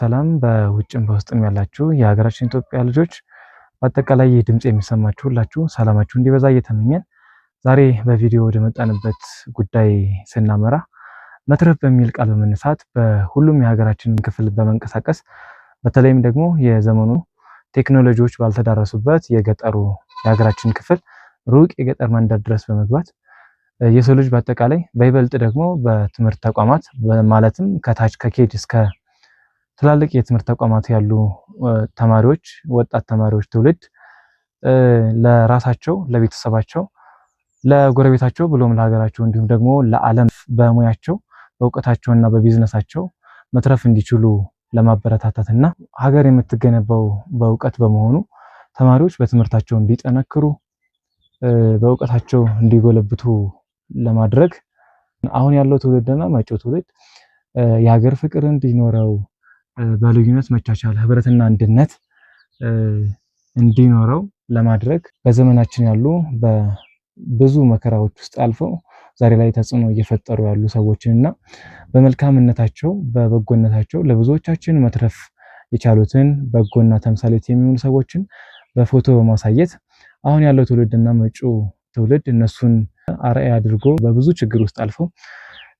ሰላም በውጭም በውስጥም ያላችሁ የሀገራችን ኢትዮጵያ ልጆች በአጠቃላይ ይህ ድምፅ የሚሰማችሁ ሁላችሁ ሰላማችሁ እንዲበዛ እየተመኘን ዛሬ በቪዲዮ መጣንበት ጉዳይ ስናመራ መትረፍ በሚል ቃል በመነሳት በሁሉም የሀገራችንን ክፍል በመንቀሳቀስ በተለይም ደግሞ የዘመኑ ቴክኖሎጂዎች ባልተዳረሱበት የገጠሩ የሀገራችን ክፍል ሩቅ የገጠር መንደር ድረስ በመግባት የሰው ልጅ በአጠቃላይ በይበልጥ ደግሞ በትምህርት ተቋማት ማለትም ከታች ከኬጅ እስከ ትላልቅ የትምህርት ተቋማት ያሉ ተማሪዎች ወጣት ተማሪዎች ትውልድ ለራሳቸው፣ ለቤተሰባቸው፣ ለጎረቤታቸው ብሎም ለሀገራቸው እንዲሁም ደግሞ ለዓለም በሙያቸው በእውቀታቸውና በቢዝነሳቸው መትረፍ እንዲችሉ ለማበረታታት እና ሀገር የምትገነባው በእውቀት በመሆኑ ተማሪዎች በትምህርታቸው እንዲጠነክሩ በእውቀታቸው እንዲጎለብቱ ለማድረግ አሁን ያለው ትውልድና መጪው ትውልድ የሀገር ፍቅር እንዲኖረው በልዩነት መቻቻል፣ ህብረትና አንድነት እንዲኖረው ለማድረግ በዘመናችን ያሉ በብዙ መከራዎች ውስጥ አልፈው ዛሬ ላይ ተጽዕኖ እየፈጠሩ ያሉ ሰዎችን እና በመልካምነታቸው በበጎነታቸው ለብዙዎቻችን መትረፍ የቻሉትን በጎና ተምሳሌት የሚሆኑ ሰዎችን በፎቶ በማሳየት አሁን ያለው ትውልድና መጪው ትውልድ እነሱን አርአያ አድርጎ በብዙ ችግር ውስጥ አልፈው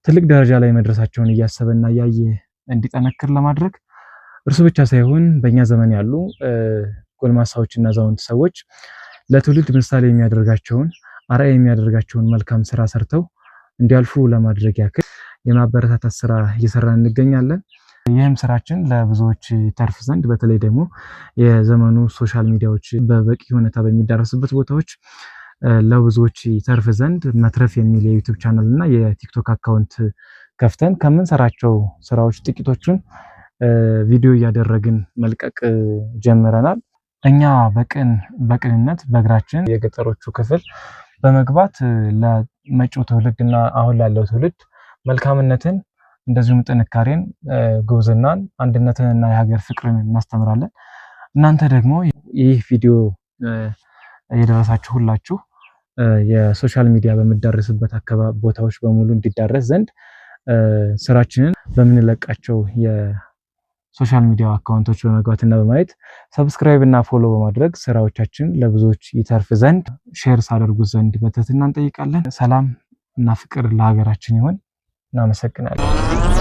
ትልቅ ደረጃ ላይ መድረሳቸውን እያሰበና እያየ እንዲጠነክር ለማድረግ እርሱ ብቻ ሳይሆን በእኛ ዘመን ያሉ ጎልማሳዎችና አዛውንት ሰዎች ለትውልድ ምሳሌ የሚያደርጋቸውን አርአያ የሚያደርጋቸውን መልካም ስራ ሰርተው እንዲያልፉ ለማድረግ ያክል የማበረታታት ስራ እየሰራን እንገኛለን። ይህም ስራችን ለብዙዎች ተርፍ ዘንድ በተለይ ደግሞ የዘመኑ ሶሻል ሚዲያዎች በበቂ ሁኔታ በሚዳረሱበት ቦታዎች ለብዙዎች ተርፍ ዘንድ መትረፍ የሚል የዩቱብ ቻናል እና የቲክቶክ አካውንት ከፍተን ከምንሰራቸው ስራዎች ጥቂቶቹን ቪዲዮ እያደረግን መልቀቅ ጀምረናል። እኛ በቅን በቅንነት በእግራችን የገጠሮቹ ክፍል በመግባት ለመጪው ትውልድ እና አሁን ላለው ትውልድ መልካምነትን እንደዚሁም ጥንካሬን፣ ጉብዝናን፣ አንድነትንና የሀገር ፍቅርን እናስተምራለን። እናንተ ደግሞ ይህ ቪዲዮ የደረሳችሁ ሁላችሁ የሶሻል ሚዲያ በሚዳረስበት አካባቢ ቦታዎች በሙሉ እንዲዳረስ ዘንድ ስራችንን በምንለቃቸው ሶሻል ሚዲያ አካውንቶች በመግባት እና በማየት ሰብስክራይብ እና ፎሎ በማድረግ ስራዎቻችን ለብዙዎች ይተርፍ ዘንድ ሼር ሳደርጉት ዘንድ በትህትና እንጠይቃለን። ሰላም እና ፍቅር ለሀገራችን ይሆን። እናመሰግናለን።